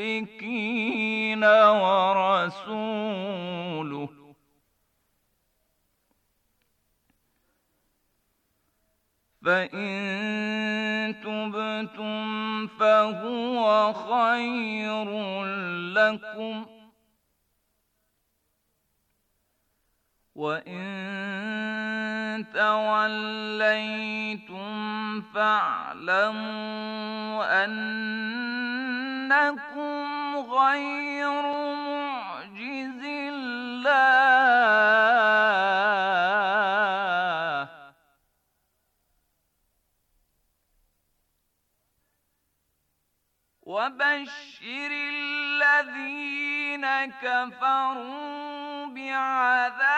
المشركين ورسوله فإن تبتم فهو خير لكم وإن توليتم فاعلموا أن إنكم غير معجز الله وبشر الذين كفروا بعذاب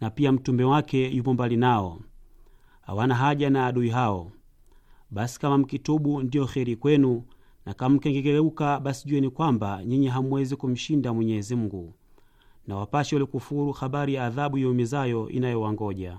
na pia mtume wake yupo mbali nao, hawana haja na adui hao. Basi kama mkitubu ndiyo kheri kwenu, na kama mkengegeuka, basi jueni kwamba nyinyi hamuwezi kumshinda Mwenyezi Mungu, na wapashe walikufuru habari ya adhabu yaumizayo inayowangoja.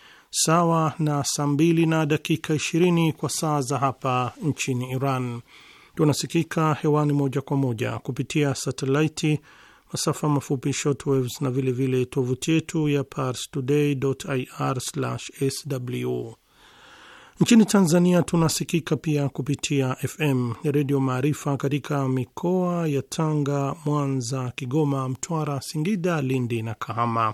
sawa na saa mbili na dakika ishirini kwa saa za hapa nchini Iran. Tunasikika hewani moja kwa moja kupitia satelaiti, masafa mafupi shotwave na vilevile tovuti yetu ya pars today ir sw Nchini Tanzania tunasikika pia kupitia FM ya Redio Maarifa katika mikoa ya Tanga, Mwanza, Kigoma, Mtwara, Singida, Lindi na Kahama.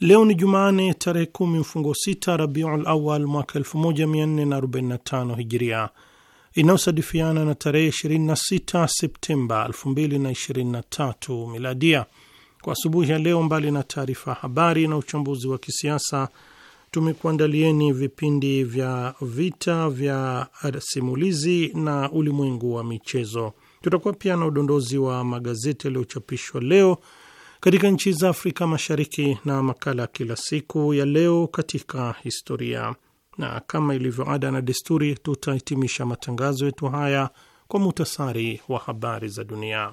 Leo ni Jumane tarehe kumi mfungo sita Rabiul Awal mwaka 1445 Hijiria, inayosadifiana na tarehe 26 Septemba 2023 Miladia. Kwa asubuhi ya leo, mbali na taarifa habari na uchambuzi wa kisiasa, tumekuandalieni vipindi vya vita vya simulizi na ulimwengu wa michezo. Tutakuwa pia na udondozi wa magazeti yaliyochapishwa leo katika nchi za Afrika Mashariki na makala kila siku ya leo katika historia, na kama ilivyo ada na desturi, tutahitimisha matangazo yetu haya kwa muhtasari wa habari za dunia.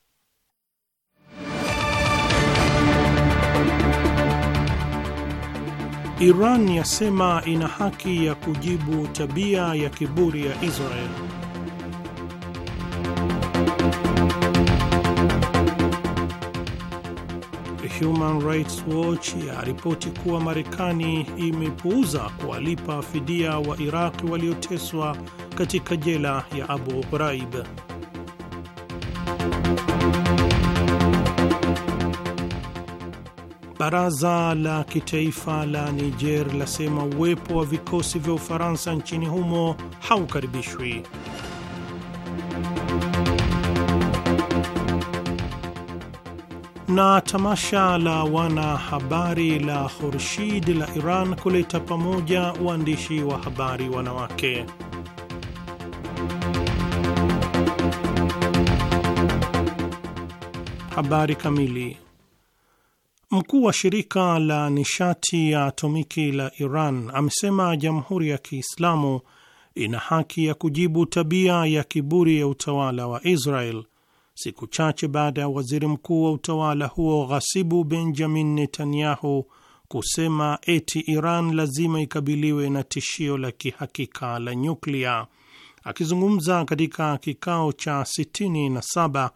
Iran yasema ina haki ya kujibu tabia ya kiburi ya Israel. Human Rights Watch yaripoti kuwa Marekani imepuuza kuwalipa fidia wa iraq walioteswa katika jela ya Abu Ghraib. Baraza la kitaifa la Niger lasema uwepo wa vikosi vya Ufaransa nchini humo haukaribishwi. Na tamasha la wanahabari la Khurshid la Iran kuleta pamoja waandishi wa habari wanawake. Habari kamili Mkuu wa shirika la nishati ya atomiki la Iran amesema Jamhuri ya Kiislamu ina haki ya kujibu tabia ya kiburi ya utawala wa Israel siku chache baada ya waziri mkuu wa utawala huo ghasibu Benjamin Netanyahu kusema eti Iran lazima ikabiliwe na tishio la kihakika la nyuklia. Akizungumza katika kikao cha 67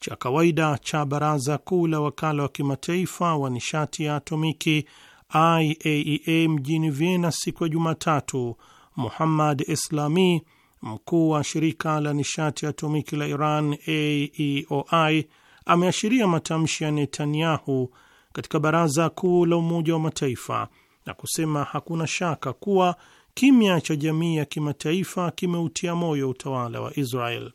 cha kawaida cha Baraza Kuu la Wakala wa Kimataifa wa Nishati ya Atomiki IAEA e mjini Vienna siku ya Jumatatu, Muhammad Islami, mkuu wa shirika la nishati ya atomiki la Iran AEOI, ameashiria matamshi ya Netanyahu katika Baraza Kuu la Umoja wa Mataifa na kusema hakuna shaka kuwa kimya cha jamii ya kimataifa kimeutia moyo utawala wa Israel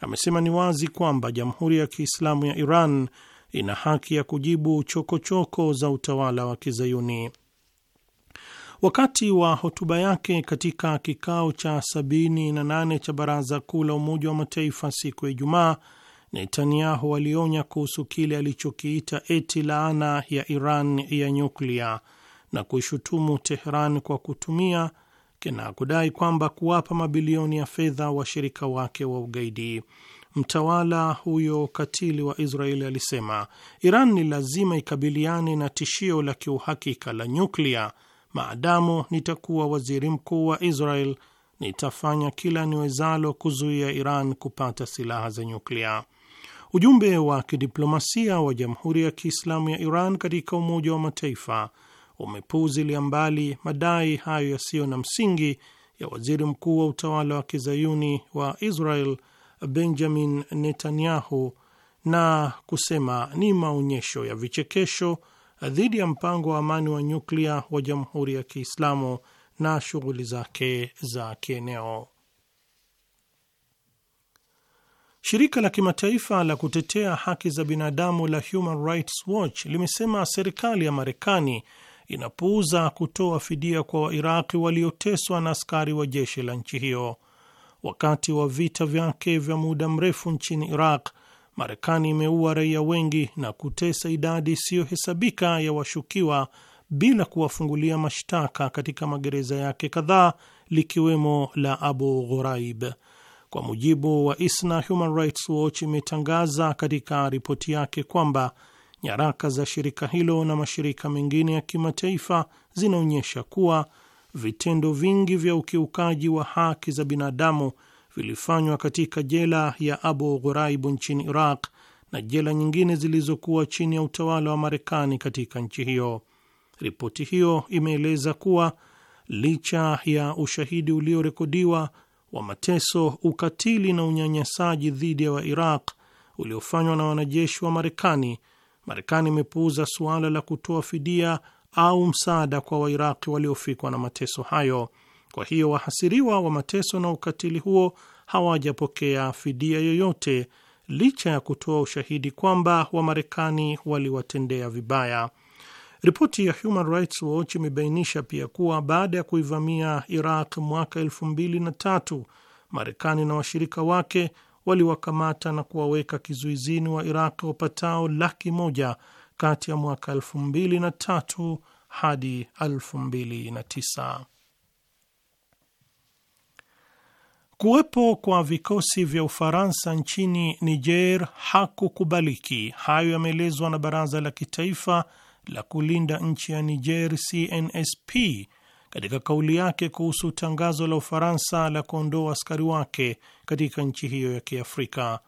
amesema ni wazi kwamba Jamhuri ya Kiislamu ya Iran ina haki ya kujibu chokochoko choko za utawala wa Kizayuni. Wakati wa hotuba yake katika kikao cha 78 cha Baraza Kuu la Umoja wa Mataifa siku ya Ijumaa, Netanyahu alionya kuhusu kile alichokiita eti laana ya Iran ya nyuklia na kuishutumu teheran kwa kutumia na kudai kwamba kuwapa mabilioni ya fedha washirika wake wa ugaidi. Mtawala huyo katili wa Israeli alisema Iran ni lazima ikabiliane na tishio la kiuhakika la nyuklia. Maadamu nitakuwa waziri mkuu wa Israel, nitafanya kila niwezalo kuzuia Iran kupata silaha za nyuklia. Ujumbe wa kidiplomasia wa Jamhuri ya Kiislamu ya Iran katika Umoja wa Mataifa umepuuzilia mbali madai hayo yasiyo na msingi ya waziri mkuu wa utawala wa kizayuni wa Israel Benjamin Netanyahu na kusema ni maonyesho ya vichekesho dhidi ya mpango wa amani wa nyuklia wa Jamhuri ya Kiislamu na shughuli zake za kieneo. Shirika la kimataifa la kutetea haki za binadamu la Human Rights Watch limesema serikali ya Marekani inapuuza kutoa fidia kwa Wairaqi walioteswa na askari wa jeshi la nchi hiyo. Wakati wa vita vyake vya muda mrefu nchini Iraq, Marekani imeua raia wengi na kutesa idadi isiyohesabika ya washukiwa bila kuwafungulia mashtaka katika magereza yake kadhaa likiwemo la Abu Ghuraib. Kwa mujibu wa ISNA, Human Rights Watch imetangaza katika ripoti yake kwamba Nyaraka za shirika hilo na mashirika mengine ya kimataifa zinaonyesha kuwa vitendo vingi vya ukiukaji wa haki za binadamu vilifanywa katika jela ya Abu ghuraibu nchini Iraq na jela nyingine zilizokuwa chini ya utawala wa Marekani katika nchi hiyo. Ripoti hiyo imeeleza kuwa licha ya ushahidi uliorekodiwa wa mateso, ukatili na unyanyasaji dhidi ya Wairaq uliofanywa na wanajeshi wa Marekani, Marekani imepuuza suala la kutoa fidia au msaada kwa Wairaqi waliofikwa na mateso hayo. Kwa hiyo wahasiriwa wa mateso na ukatili huo hawajapokea fidia yoyote licha ya kutoa ushahidi kwamba Wamarekani waliwatendea vibaya. Ripoti ya Human Rights Watch imebainisha pia kuwa baada ya kuivamia Iraq mwaka elfu mbili na tatu Marekani na washirika wake waliwakamata na kuwaweka kizuizini wa Iraq wapatao laki moja kati ya mwaka tatu hadi tisa. Kuwepo kwa vikosi vya Ufaransa nchini Niger hakukubaliki. Hayo yameelezwa na Baraza la Kitaifa la Kulinda Nchi ya Niger, CNSP, katika kauli yake kuhusu tangazo la Ufaransa la kuondoa askari wake katika nchi hiyo ya Kiafrika.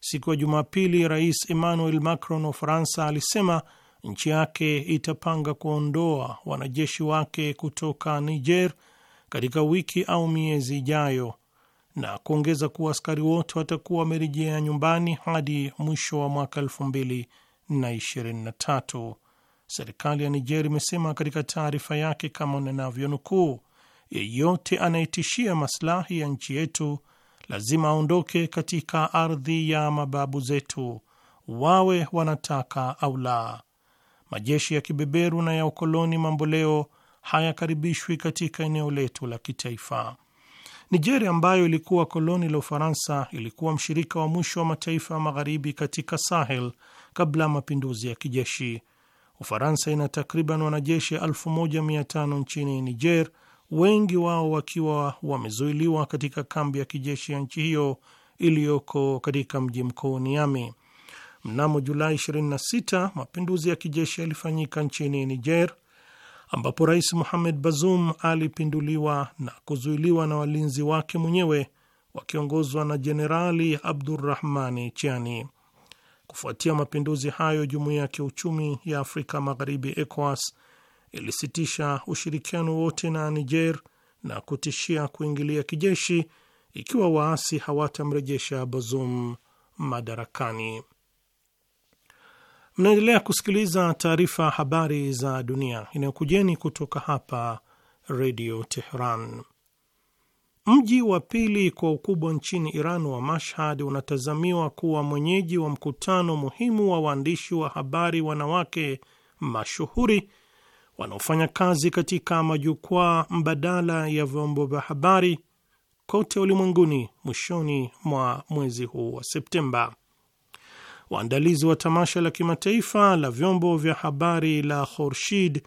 Siku ya Jumapili, Rais Emmanuel Macron wa Ufaransa alisema nchi yake itapanga kuondoa wanajeshi wake kutoka Niger katika wiki au miezi ijayo na kuongeza kuwa askari wote watakuwa wamerejea nyumbani hadi mwisho wa mwaka 2023. Serikali ya Niger imesema katika taarifa yake kama nukuu yeyote anayetishia maslahi ya nchi yetu lazima aondoke katika ardhi ya mababu zetu, wawe wanataka au la. Majeshi ya kibeberu na ya ukoloni mamboleo hayakaribishwi katika eneo letu la kitaifa. nijeri ambayo ilikuwa koloni la Ufaransa ilikuwa mshirika wa mwisho wa mataifa ya magharibi katika Sahel kabla ya mapinduzi ya kijeshi, Ufaransa ina takriban wanajeshi 1500 nchini Niger, wengi wao wakiwa wamezuiliwa katika kambi ya kijeshi ya nchi hiyo iliyoko katika mji mkuu Niamey. Mnamo Julai 26 mapinduzi ya kijeshi yalifanyika nchini Niger ambapo Rais Mohamed Bazoum alipinduliwa na kuzuiliwa na walinzi wake mwenyewe wakiongozwa na Jenerali Abdurrahmani Chiani. Kufuatia mapinduzi hayo, jumuiya ya kiuchumi ya Afrika Magharibi ECOWAS ilisitisha ushirikiano wote na Niger na kutishia kuingilia kijeshi ikiwa waasi hawatamrejesha Bazoum madarakani. Mnaendelea kusikiliza taarifa habari za dunia inayokujeni kutoka hapa Redio Teheran. Mji wa pili kwa ukubwa nchini Iran wa Mashhad unatazamiwa kuwa mwenyeji wa mkutano muhimu wa waandishi wa habari wanawake mashuhuri wanaofanya kazi katika majukwaa mbadala ya vyombo vya habari kote ulimwenguni mwishoni mwa mwezi huu wa Septemba. Waandalizi wa tamasha la kimataifa la vyombo vya habari la Khorshid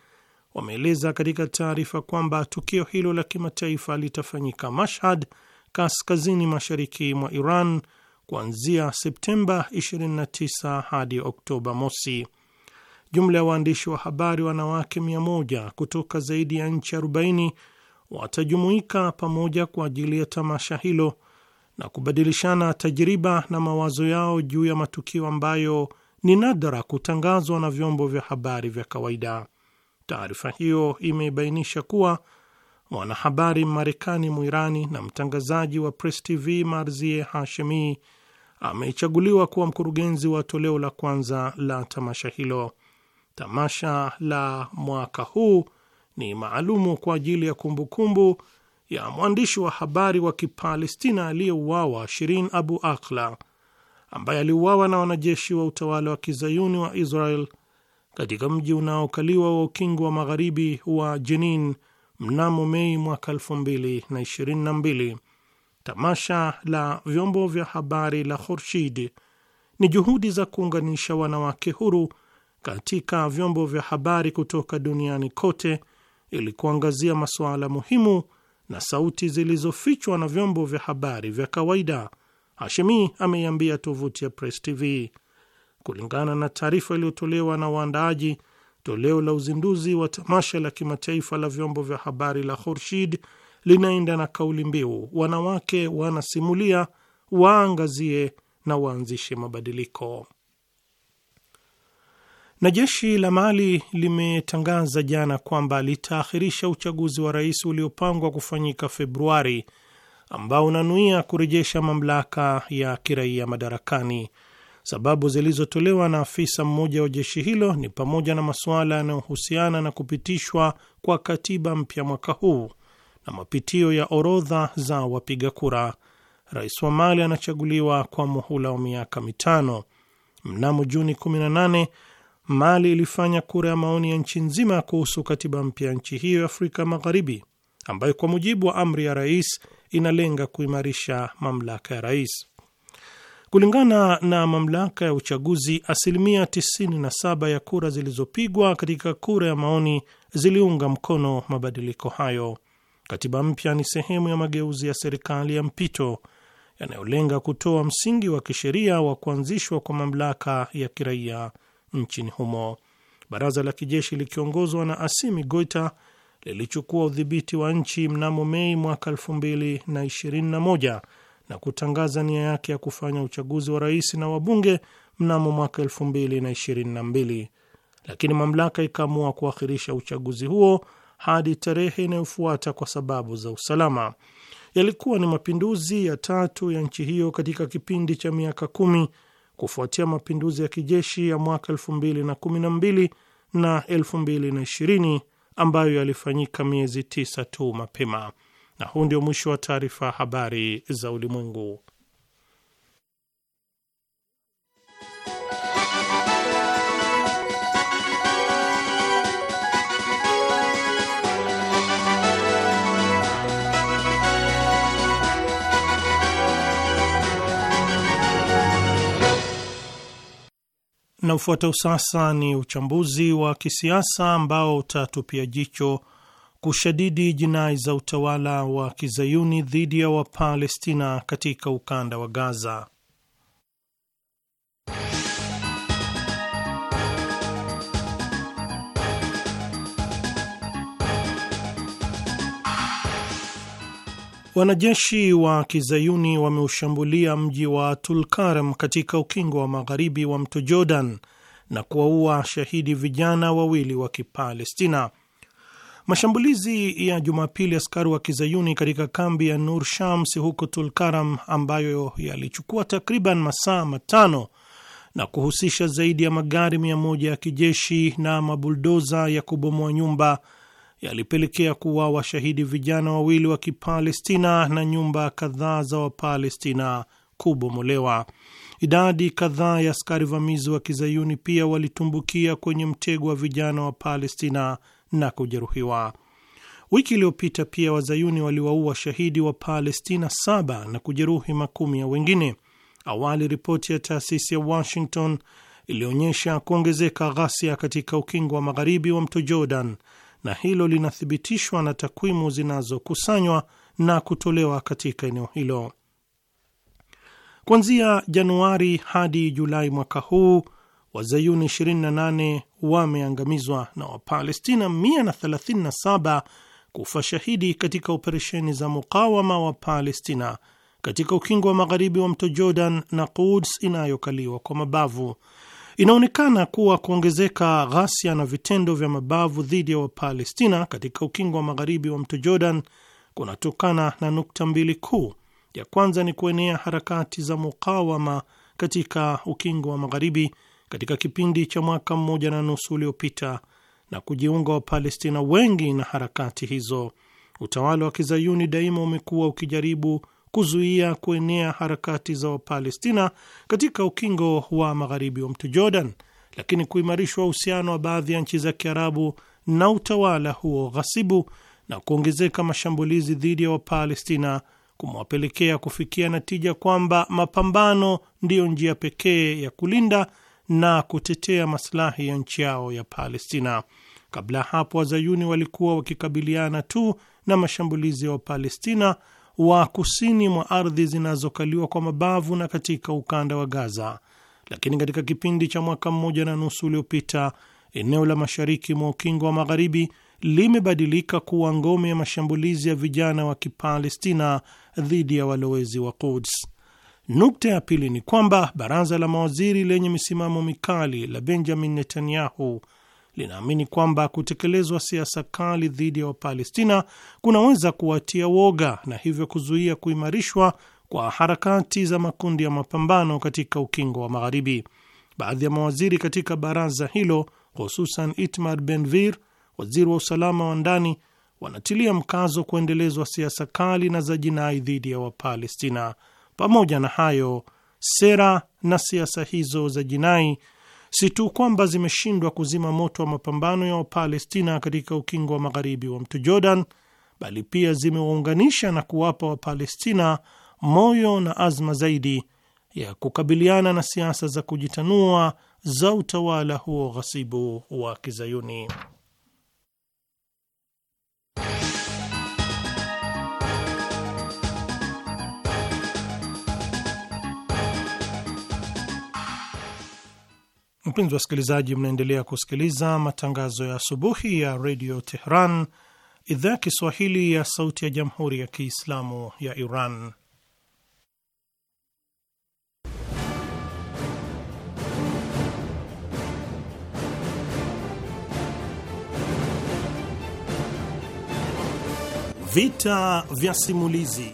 wameeleza katika taarifa kwamba tukio hilo la kimataifa litafanyika Mashhad, kaskazini mashariki mwa Iran kuanzia Septemba 29 hadi Oktoba mosi. Jumla ya waandishi wa habari wanawake 100 kutoka zaidi ya nchi 40 watajumuika pamoja kwa ajili ya tamasha hilo na kubadilishana tajriba na mawazo yao juu ya matukio ambayo ni nadra kutangazwa na vyombo vya habari vya kawaida. Taarifa hiyo imebainisha kuwa mwanahabari Marekani Mwirani na mtangazaji wa Press TV Marzie Hashemi amechaguliwa kuwa mkurugenzi wa toleo la kwanza la tamasha hilo. Tamasha la mwaka huu ni maalumu kwa ajili ya kumbukumbu kumbu ya mwandishi wa habari wa Kipalestina aliyeuawa Shirin Abu Akla ambaye aliuawa na wanajeshi wa utawala wa kizayuni wa Israel katika mji unaokaliwa wa ukingo wa magharibi wa Jenin mnamo Mei mwaka 2022. Tamasha la vyombo vya habari la Khurshid ni juhudi za kuunganisha wanawake huru katika vyombo vya habari kutoka duniani kote ili kuangazia masuala muhimu na sauti zilizofichwa na vyombo vya habari vya kawaida. Hashemi ameiambia tovuti ya Press TV Kulingana na taarifa iliyotolewa na waandaaji, toleo la uzinduzi wa tamasha la kimataifa la vyombo vya habari la Khurshid linaenda na kauli mbiu, wanawake wanasimulia, waangazie na waanzishe mabadiliko. Na jeshi la Mali limetangaza jana kwamba litaahirisha uchaguzi wa rais uliopangwa kufanyika Februari, ambao unanuia kurejesha mamlaka ya kiraia madarakani. Sababu zilizotolewa na afisa mmoja wa jeshi hilo ni pamoja na masuala yanayohusiana na kupitishwa kwa katiba mpya mwaka huu na mapitio ya orodha za wapiga kura. Rais wa Mali anachaguliwa kwa muhula wa miaka mitano. Mnamo Juni 18 Mali ilifanya kura ya maoni ya nchi nzima kuhusu katiba mpya ya nchi hiyo ya Afrika Magharibi, ambayo kwa mujibu wa amri ya rais inalenga kuimarisha mamlaka ya rais. Kulingana na mamlaka ya uchaguzi, asilimia 97 ya kura zilizopigwa katika kura ya maoni ziliunga mkono mabadiliko hayo. Katiba mpya ni sehemu ya mageuzi ya serikali ya mpito yanayolenga kutoa msingi wa kisheria wa kuanzishwa kwa mamlaka ya kiraia nchini humo. Baraza la kijeshi likiongozwa na Asimi Goita lilichukua udhibiti wa nchi mnamo Mei mwaka 2021 na kutangaza nia yake ya kufanya uchaguzi wa rais na wabunge mnamo mwaka mbili, lakini mamlaka ikaamua kuakhirisha uchaguzi huo hadi tarehe inayofuata kwa sababu za usalama. Yalikuwa ni mapinduzi ya tatu ya nchi hiyo katika kipindi cha miaka kumi kufuatia mapinduzi ya kijeshi ya mwaka mbili na ishirini ambayo yalifanyika miezi tisa tu mapema. Na huu ndio mwisho wa taarifa habari za ulimwengu. Na ufuatao sasa ni uchambuzi wa kisiasa ambao utatupia jicho kushadidi jinai za utawala wa kizayuni dhidi ya Wapalestina katika ukanda wa Gaza. Wanajeshi wa kizayuni wameushambulia mji wa Tulkarm katika ukingo wa magharibi wa mto Jordan na kuwaua shahidi vijana wawili wa Kipalestina. Mashambulizi ya Jumapili askari wa kizayuni katika kambi ya Nur Shams huko Tulkaram, ambayo yalichukua takriban masaa matano na kuhusisha zaidi ya magari mia moja ya kijeshi na mabuldoza ya kubomoa nyumba yalipelekea kuwa washahidi vijana wawili wa Kipalestina na nyumba kadhaa za Wapalestina kubomolewa. Idadi kadhaa ya askari vamizi wa kizayuni pia walitumbukia kwenye mtego wa vijana wa Palestina na kujeruhiwa. Wiki iliyopita pia wazayuni waliwaua shahidi wa Palestina saba na kujeruhi makumi ya wengine. Awali ripoti ya taasisi ya Washington ilionyesha kuongezeka ghasia katika ukingo wa magharibi wa mto Jordan, na hilo linathibitishwa na takwimu zinazokusanywa na kutolewa katika eneo hilo. Kuanzia Januari hadi Julai mwaka huu Wazayuni 28 wameangamizwa na Wapalestina 137 kufa shahidi katika operesheni za mukawama wa Palestina katika ukingo wa magharibi wa mto Jordan na Quds inayokaliwa kwa mabavu. Inaonekana kuwa kuongezeka ghasia na vitendo vya mabavu dhidi ya Wapalestina katika ukingo wa magharibi wa mto Jordan kunatokana na nukta mbili kuu. Ya kwanza ni kuenea harakati za mukawama katika ukingo wa magharibi katika kipindi cha mwaka mmoja na nusu uliopita na kujiunga Wapalestina wengi na harakati hizo, utawala wa kizayuni daima umekuwa ukijaribu kuzuia kuenea harakati za Wapalestina katika ukingo wa magharibi wa mto Jordan, lakini kuimarishwa uhusiano wa baadhi ya nchi za Kiarabu na utawala huo ghasibu na kuongezeka mashambulizi dhidi ya Wapalestina kumewapelekea kufikia natija kwamba mapambano ndiyo njia pekee ya kulinda na kutetea masilahi ya nchi yao ya Palestina. Kabla hapo, wazayuni walikuwa wakikabiliana tu na mashambulizi ya Wapalestina wa kusini mwa ardhi zinazokaliwa kwa mabavu na katika ukanda wa Gaza, lakini katika kipindi cha mwaka mmoja na nusu uliopita eneo la mashariki mwa ukingo wa magharibi limebadilika kuwa ngome ya mashambulizi ya vijana wa Kipalestina dhidi ya walowezi wa Quds. Nukta ya pili ni kwamba baraza la mawaziri lenye misimamo mikali la Benjamin Netanyahu linaamini kwamba kutekelezwa siasa kali dhidi ya Wapalestina kunaweza kuwatia woga na hivyo kuzuia kuimarishwa kwa harakati za makundi ya mapambano katika ukingo wa Magharibi. Baadhi ya mawaziri katika baraza hilo, hususan Itmar benvir waziri wa usalama wa ndani, wanatilia mkazo kuendelezwa siasa kali na za jinai dhidi ya Wapalestina. Pamoja na hayo, sera na siasa hizo za jinai si tu kwamba zimeshindwa kuzima moto wa mapambano ya Wapalestina katika ukingo wa magharibi wa mto Jordan, bali pia zimewaunganisha na kuwapa Wapalestina moyo na azma zaidi ya kukabiliana na siasa za kujitanua za utawala huo ghasibu wa Kizayuni. Mpenzi wa wasikilizaji, mnaendelea kusikiliza matangazo ya asubuhi ya redio Tehran, idhaa ya Kiswahili ya sauti ya jamhuri ya Kiislamu ya Iran. Vita vya simulizi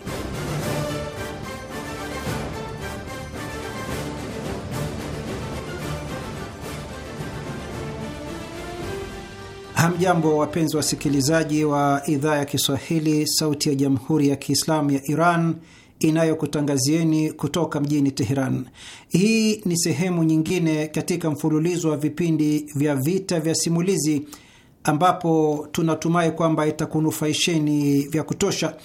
Hamjambo, wapenzi wasikilizaji wa idhaa ya Kiswahili, Sauti ya Jamhuri ya Kiislamu ya Iran inayokutangazieni kutoka mjini Teheran. Hii ni sehemu nyingine katika mfululizo wa vipindi vya Vita vya Simulizi, ambapo tunatumai kwamba itakunufaisheni vya kutosha.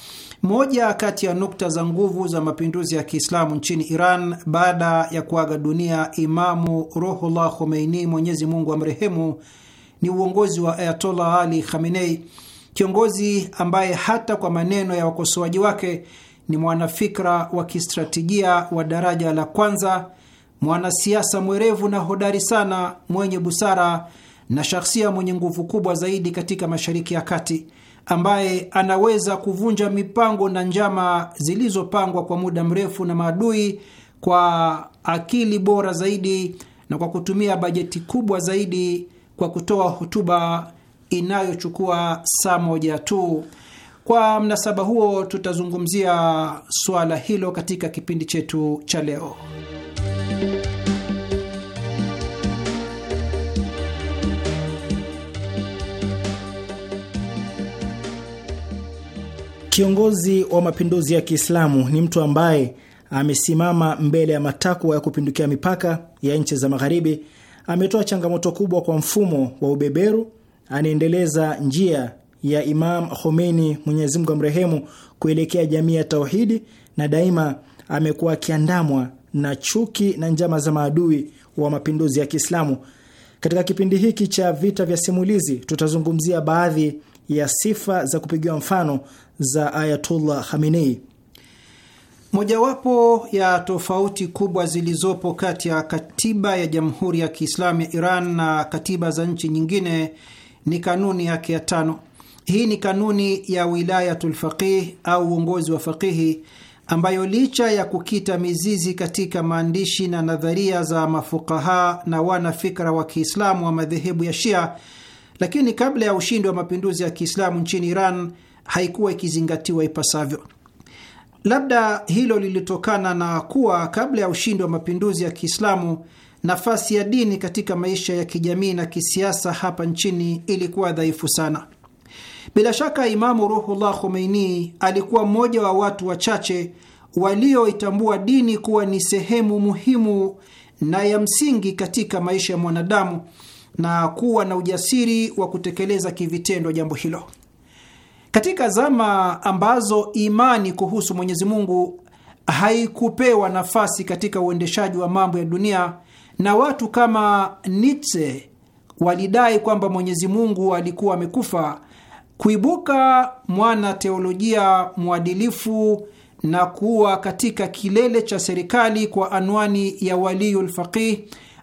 Moja kati ya nukta za nguvu za mapinduzi ya Kiislamu nchini Iran baada ya kuaga dunia Imamu Ruhullah Khomeini, Mwenyezi Mungu amrehemu ni uongozi wa Ayatollah Ali Khamenei, kiongozi ambaye hata kwa maneno ya wakosoaji wake ni mwanafikra wa kistratejia wa daraja la kwanza, mwanasiasa mwerevu na hodari sana, mwenye busara na shahsia mwenye nguvu kubwa zaidi katika Mashariki ya Kati, ambaye anaweza kuvunja mipango na njama zilizopangwa kwa muda mrefu na maadui kwa akili bora zaidi na kwa kutumia bajeti kubwa zaidi kwa kutoa hotuba inayochukua saa moja tu. Kwa mnasaba huo, tutazungumzia suala hilo katika kipindi chetu cha leo. Kiongozi wa mapinduzi ya Kiislamu ni mtu ambaye amesimama mbele ya matakwa ya kupindukia mipaka ya nchi za Magharibi ametoa changamoto kubwa kwa mfumo wa ubeberu, anaendeleza njia ya Imam Khomeini, Mwenyezi Mungu amrehemu, kuelekea jamii ya tauhidi, na daima amekuwa akiandamwa na chuki na njama za maadui wa mapinduzi ya Kiislamu. Katika kipindi hiki cha vita vya simulizi, tutazungumzia baadhi ya sifa za kupigiwa mfano za Ayatullah Khamenei. Mojawapo ya tofauti kubwa zilizopo kati ya katiba ya Jamhuri ya Kiislamu ya Iran na katiba za nchi nyingine ni kanuni yake ya tano. Hii ni kanuni ya wilayatul faqih au uongozi wa faqihi ambayo licha ya kukita mizizi katika maandishi na nadharia za mafukaha na wanafikra wa Kiislamu wa madhehebu ya Shia, lakini kabla ya ushindi wa mapinduzi ya Kiislamu nchini Iran haikuwa ikizingatiwa ipasavyo. Labda hilo lilitokana na kuwa kabla ya ushindi wa mapinduzi ya Kiislamu, nafasi ya dini katika maisha ya kijamii na kisiasa hapa nchini ilikuwa dhaifu sana. Bila shaka Imamu Ruhullah Khomeini alikuwa mmoja wa watu wachache walioitambua dini kuwa ni sehemu muhimu na ya msingi katika maisha ya mwanadamu na kuwa na ujasiri wa kutekeleza kivitendo jambo hilo. Katika zama ambazo imani kuhusu Mwenyezi Mungu haikupewa nafasi katika uendeshaji wa mambo ya dunia na watu kama Nietzsche walidai kwamba Mwenyezi Mungu alikuwa amekufa, kuibuka mwana teolojia mwadilifu na kuwa katika kilele cha serikali kwa anwani ya waliyul faqih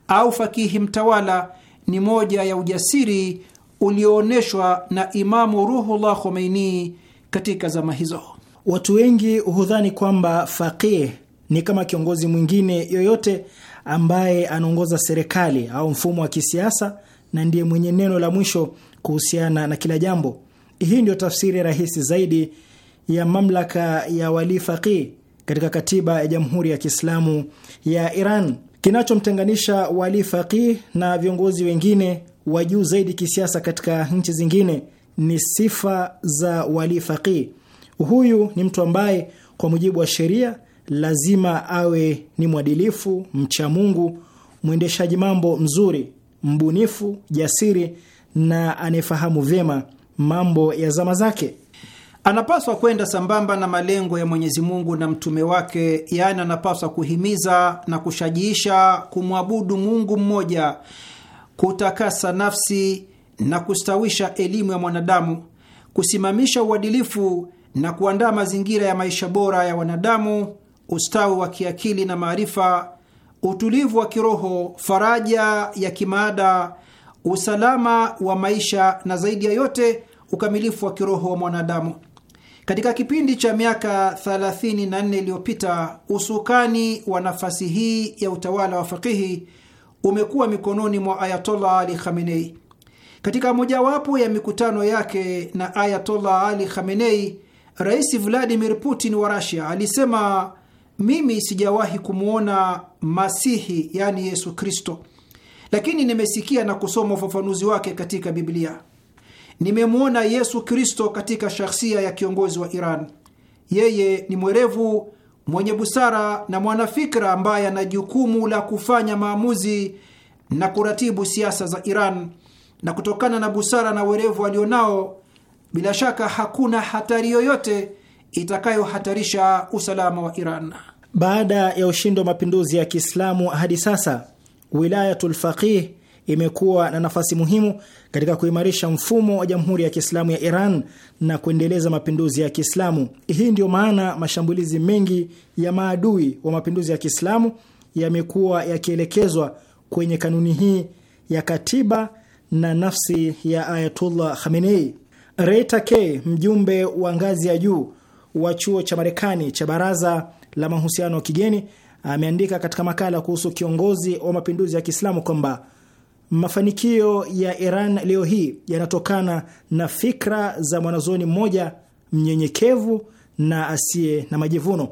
au fakihi mtawala ni moja ya ujasiri ulioonyeshwa na Imamu Ruhullah Khomeini katika zama hizo. Watu wengi hudhani kwamba faqih ni kama kiongozi mwingine yoyote ambaye anaongoza serikali au mfumo wa kisiasa na ndiye mwenye neno la mwisho kuhusiana na kila jambo. Hii ndio tafsiri rahisi zaidi ya mamlaka ya wali faqih katika katiba ya Jamhuri ya Kiislamu ya Iran. Kinachomtenganisha wali faqih na viongozi wengine wa juu zaidi kisiasa katika nchi zingine ni sifa za wali faqih. Huyu ni mtu ambaye kwa mujibu wa sheria lazima awe ni mwadilifu, mcha Mungu, mwendeshaji mambo mzuri, mbunifu, jasiri na anayefahamu vyema mambo ya zama zake. Anapaswa kwenda sambamba na malengo ya Mwenyezi Mungu na mtume wake, yaani anapaswa kuhimiza na kushajiisha kumwabudu Mungu mmoja kutakasa nafsi na kustawisha elimu ya mwanadamu, kusimamisha uadilifu na kuandaa mazingira ya maisha bora ya wanadamu, ustawi wa kiakili na maarifa, utulivu wa kiroho, faraja ya kimaada, usalama wa maisha na zaidi ya yote ukamilifu wa kiroho wa mwanadamu. Katika kipindi cha miaka 34 iliyopita, usukani wa nafasi hii ya utawala wa fakihi umekuwa mikononi mwa Ayatollah Ali Khamenei. Katika mojawapo ya mikutano yake na Ayatollah Ali Khamenei, Rais Vladimir Putin wa Russia alisema, mimi sijawahi kumwona Masihi, yaani Yesu Kristo, lakini nimesikia na kusoma ufafanuzi wake katika Biblia. Nimemwona Yesu Kristo katika shahsia ya kiongozi wa Iran. Yeye ni mwerevu mwenye busara na mwanafikra ambaye ana jukumu la kufanya maamuzi na kuratibu siasa za Iran, na kutokana na busara na werevu alionao, bila shaka hakuna hatari yoyote itakayohatarisha usalama wa Iran. Baada ya ushindi wa mapinduzi ya Kiislamu hadi sasa, Wilayatul Faqih imekuwa na nafasi muhimu katika kuimarisha mfumo wa Jamhuri ya Kiislamu ya Iran na kuendeleza mapinduzi ya Kiislamu. Hii ndiyo maana mashambulizi mengi ya maadui wa mapinduzi ya Kiislamu yamekuwa yakielekezwa kwenye kanuni hii ya katiba na nafsi ya Ayatullah Khamenei. Reta K, mjumbe wa ngazi ya juu wa chuo cha Marekani cha baraza la mahusiano ya kigeni, ameandika katika makala kuhusu kiongozi wa mapinduzi ya Kiislamu kwamba Mafanikio ya Iran leo hii yanatokana na fikra za mwanazoni mmoja mnyenyekevu na asiye na majivuno,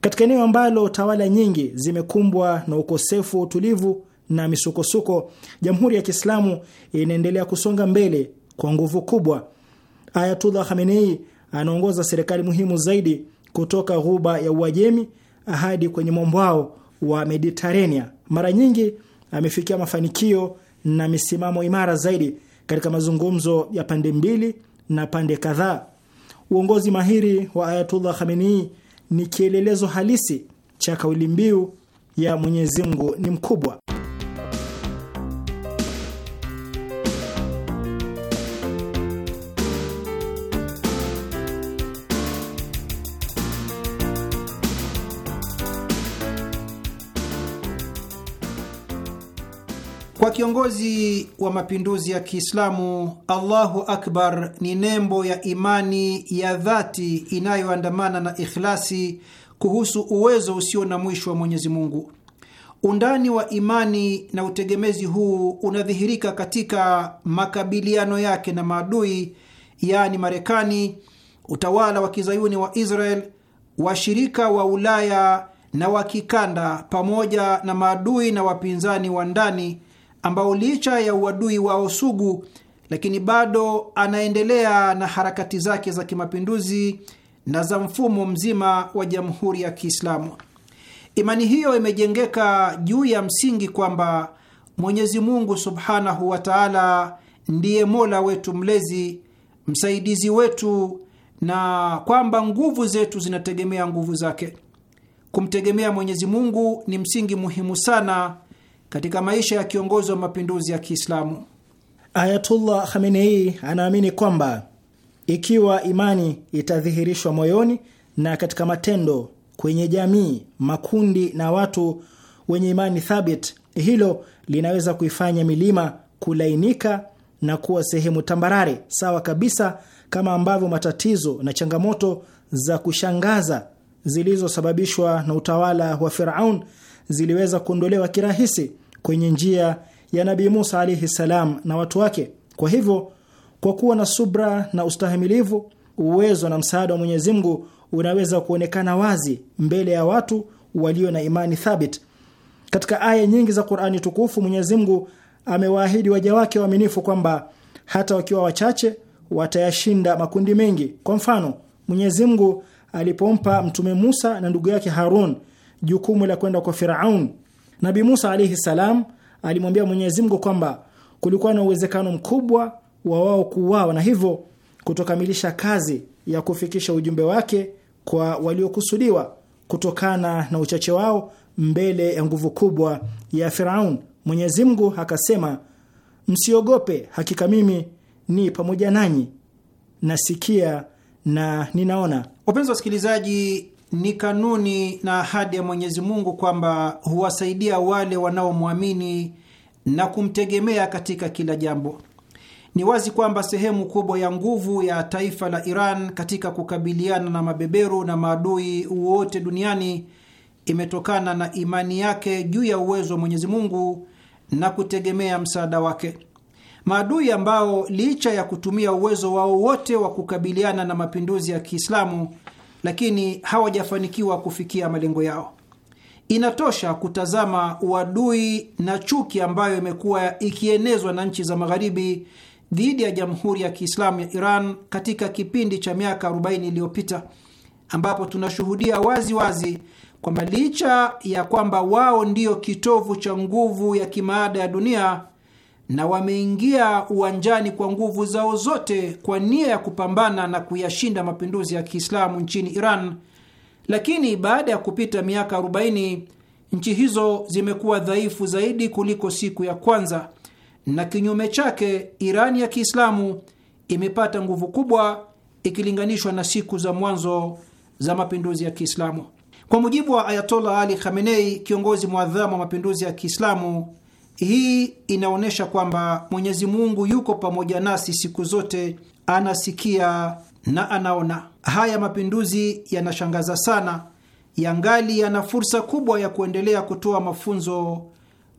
katika eneo ambalo tawala nyingi zimekumbwa na ukosefu wa utulivu na misukosuko. Jamhuri ya Kiislamu inaendelea kusonga mbele kwa nguvu kubwa. Ayatullah Khamenei anaongoza serikali muhimu zaidi kutoka Ghuba ya Uajemi hadi kwenye mwambao wa Mediterania. Mara nyingi amefikia mafanikio na misimamo imara zaidi katika mazungumzo ya pande mbili na pande kadhaa. Uongozi mahiri wa Ayatullah Khamenei ni kielelezo halisi cha kauli mbiu ya Mwenyezi Mungu ni mkubwa. kiongozi wa mapinduzi ya Kiislamu, Allahu akbar ni nembo ya imani ya dhati inayoandamana na ikhlasi kuhusu uwezo usio na mwisho wa Mwenyezi Mungu. Undani wa imani na utegemezi huu unadhihirika katika makabiliano yake na maadui, yaani Marekani, utawala wa kizayuni wa Israel, washirika wa Ulaya na wa kikanda, pamoja na maadui na wapinzani wa ndani ambao licha ya uadui wao sugu, lakini bado anaendelea na harakati zake za kimapinduzi na za mfumo mzima wa Jamhuri ya Kiislamu. Imani hiyo imejengeka juu ya msingi kwamba Mwenyezi Mungu Subhanahu wa Ta'ala ndiye Mola wetu mlezi, msaidizi wetu na kwamba nguvu zetu zinategemea nguvu zake. Kumtegemea Mwenyezi Mungu ni msingi muhimu sana katika maisha ya kiongozi wa mapinduzi ya Kiislamu. Ayatullah Khamenei anaamini kwamba ikiwa imani itadhihirishwa moyoni na katika matendo kwenye jamii, makundi na watu wenye imani thabit, hilo linaweza kuifanya milima kulainika na kuwa sehemu tambarare, sawa kabisa kama ambavyo matatizo na changamoto za kushangaza zilizosababishwa na utawala wa Firaun ziliweza kuondolewa kirahisi kwenye njia ya Nabii Musa alaihi salam na watu wake. Kwa hivyo, kwa kuwa na subra na ustahimilivu, uwezo na msaada wa Mwenyezi Mungu unaweza kuonekana wazi mbele ya watu walio na imani thabit. Katika aya nyingi za Qur'ani tukufu, Mwenyezi Mungu amewaahidi waja wake waaminifu kwamba hata wakiwa wachache watayashinda makundi mengi. Kwa mfano, Mwenyezi Mungu alipompa Mtume Musa na ndugu yake Harun jukumu la kwenda kwa Firaun Nabi Musa alaihi salam alimwambia Mwenyezi Mungu kwamba kulikuwa na uwezekano mkubwa wa wao kuuawa na hivyo kutokamilisha kazi ya kufikisha ujumbe wake kwa waliokusudiwa kutokana na uchache wao mbele ya nguvu kubwa ya Firaun. Mwenyezi Mungu akasema, msiogope, hakika mimi ni pamoja nanyi, nasikia na ninaona. Wapenzi wasikilizaji, ni kanuni na ahadi ya Mwenyezi Mungu kwamba huwasaidia wale wanaomwamini na kumtegemea katika kila jambo. Ni wazi kwamba sehemu kubwa ya nguvu ya taifa la Iran katika kukabiliana na mabeberu na maadui wote duniani imetokana na imani yake juu ya uwezo wa Mwenyezi Mungu na kutegemea msaada wake. Maadui ambao licha ya kutumia uwezo wao wote wa kukabiliana na mapinduzi ya Kiislamu lakini hawajafanikiwa kufikia malengo yao. Inatosha kutazama uadui na chuki ambayo imekuwa ikienezwa na nchi za magharibi dhidi ya Jamhuri ya Kiislamu ya Iran katika kipindi cha miaka 40 iliyopita, ambapo tunashuhudia wazi wazi kwamba licha ya kwamba wao ndiyo kitovu cha nguvu ya kimaada ya dunia na wameingia uwanjani kwa nguvu zao zote kwa nia ya kupambana na kuyashinda mapinduzi ya Kiislamu nchini Iran, lakini baada ya kupita miaka 40 nchi hizo zimekuwa dhaifu zaidi kuliko siku ya kwanza, na kinyume chake Irani ya Kiislamu imepata nguvu kubwa ikilinganishwa na siku za mwanzo za mapinduzi ya Kiislamu. Kwa mujibu wa Ayatollah Ali Khamenei, kiongozi mwadhamu wa mapinduzi ya Kiislamu, hii inaonyesha kwamba Mwenyezi Mungu yuko pamoja nasi siku zote, anasikia na anaona. Haya mapinduzi yanashangaza sana, yangali yana fursa kubwa ya kuendelea kutoa mafunzo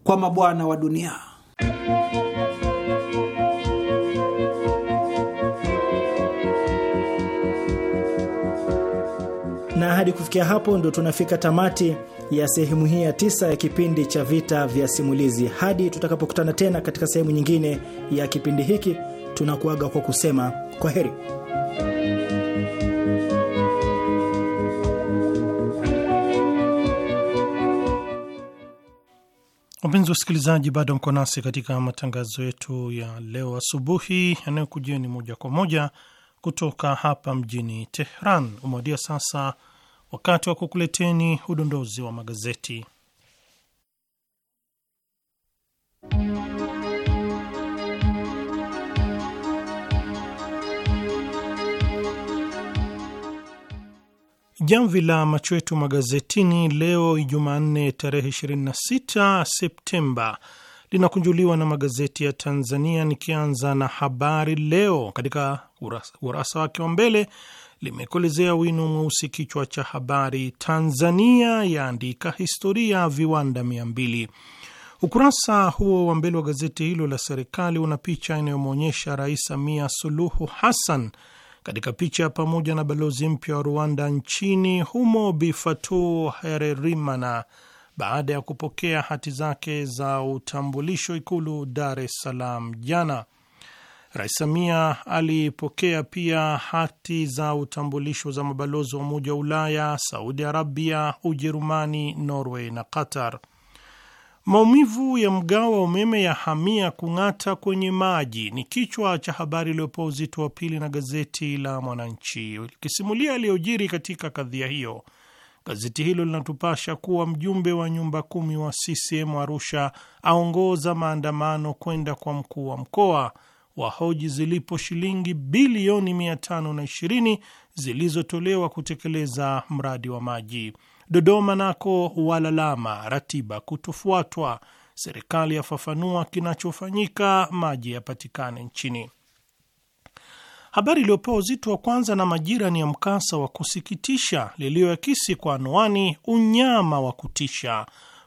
kwa mabwana wa dunia. Na hadi kufikia hapo, ndo tunafika tamati ya sehemu hii ya tisa ya kipindi cha Vita vya Simulizi. Hadi tutakapokutana tena katika sehemu nyingine ya kipindi hiki, tunakuaga kwa kusema kwa heri. Wapenzi wasikilizaji, bado mko nasi katika matangazo yetu ya leo asubuhi yanayokujia ni moja kwa moja kutoka hapa mjini Tehran. Umewadia sasa wakati wa kukuleteni udondozi wa magazeti. Jamvi la macho yetu magazetini leo Jumanne tarehe 26 Septemba linakunjuliwa na magazeti ya Tanzania, nikianza na Habari Leo. Katika urasa wake wa mbele limekolezea wino mweusi kichwa cha habari, Tanzania yaandika historia viwanda mia mbili. Ukurasa huo wa mbele wa gazeti hilo la serikali una picha inayomwonyesha Rais Samia Suluhu Hassan katika picha pamoja na balozi mpya wa Rwanda nchini humo Bi Hererimana baada ya kupokea hati zake za utambulisho Ikulu Dar es Salaam jana. Rais Samia alipokea pia hati za utambulisho za mabalozi wa Umoja wa Ulaya, Saudi Arabia, Ujerumani, Norway na Qatar. Maumivu ya mgao wa umeme ya hamia kung'ata kwenye maji ni kichwa cha habari iliyopewa uzito wa pili na gazeti la Mwananchi likisimulia aliyojiri katika kadhia hiyo. Gazeti hilo linatupasha kuwa mjumbe wa nyumba kumi wa CCM Arusha aongoza maandamano kwenda kwa mkuu wa mkoa wahoji zilipo shilingi bilioni 520 zilizotolewa kutekeleza mradi wa maji. Dodoma nako walalama ratiba kutofuatwa, serikali yafafanua kinachofanyika maji yapatikane nchini. Habari iliyopewa uzito wa kwanza na Majira ni ya mkasa wa kusikitisha liliyoakisi kwa anwani unyama wa kutisha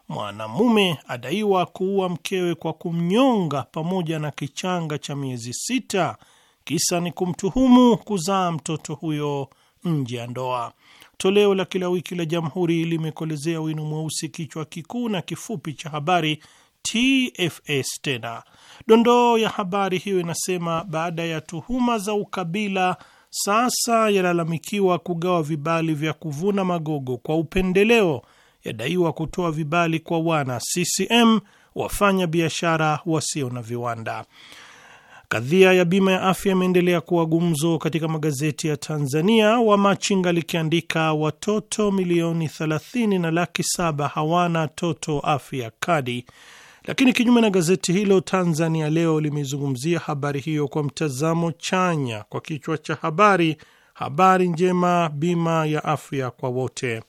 mwanamume adaiwa kuua mkewe kwa kumnyonga pamoja na kichanga cha miezi sita, kisa ni kumtuhumu kuzaa mtoto huyo nje ya ndoa. Toleo la kila wiki la Jamhuri limekolezea wino mweusi kichwa kikuu na kifupi cha habari TFS. Tena dondoo ya habari hiyo inasema, baada ya tuhuma za ukabila, sasa yalalamikiwa kugawa vibali vya kuvuna magogo kwa upendeleo yadaiwa kutoa vibali kwa wana CCM wafanya biashara wasio na viwanda. Kadhia ya bima ya afya imeendelea kuwa gumzo katika magazeti ya Tanzania, Wamachinga likiandika watoto milioni 30 na laki saba hawana toto afya kadi. Lakini kinyume na gazeti hilo, Tanzania Leo limezungumzia habari hiyo kwa mtazamo chanya kwa kichwa cha habari, habari njema, bima ya afya kwa wote.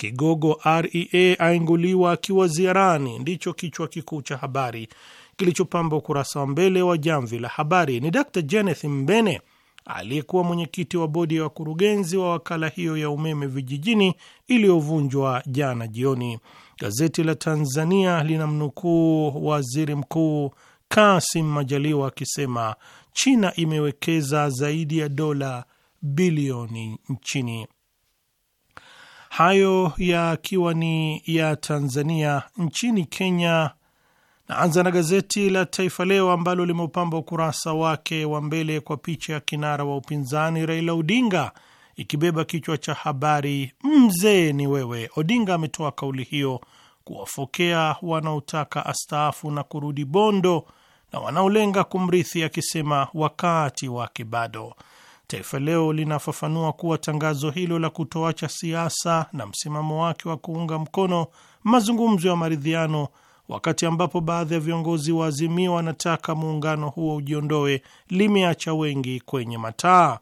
Kigogo REA ainguliwa akiwa ziarani, ndicho kichwa kikuu cha habari kilichopamba ukurasa wa mbele wa Jamvi la Habari. Ni Dr Jeneth Mbene aliyekuwa mwenyekiti wa bodi ya wakurugenzi wa wakala hiyo ya umeme vijijini iliyovunjwa jana jioni. Gazeti la Tanzania lina mnukuu waziri mkuu Kasim Majaliwa akisema China imewekeza zaidi ya dola bilioni nchini hayo yakiwa ni ya Tanzania. Nchini Kenya, naanza na gazeti la Taifa Leo ambalo limeupamba ukurasa wake wa mbele kwa picha ya kinara wa upinzani Raila Odinga ikibeba kichwa cha habari, mzee ni wewe. Odinga ametoa kauli hiyo kuwafokea wanaotaka astaafu na kurudi Bondo na wanaolenga kumrithi akisema wakati wake bado. Taifa Leo linafafanua kuwa tangazo hilo la kutoacha siasa na msimamo wake wa kuunga mkono mazungumzo ya maridhiano, wakati ambapo baadhi ya viongozi wa Azimio wanataka muungano huo ujiondoe, limeacha wengi kwenye mataa.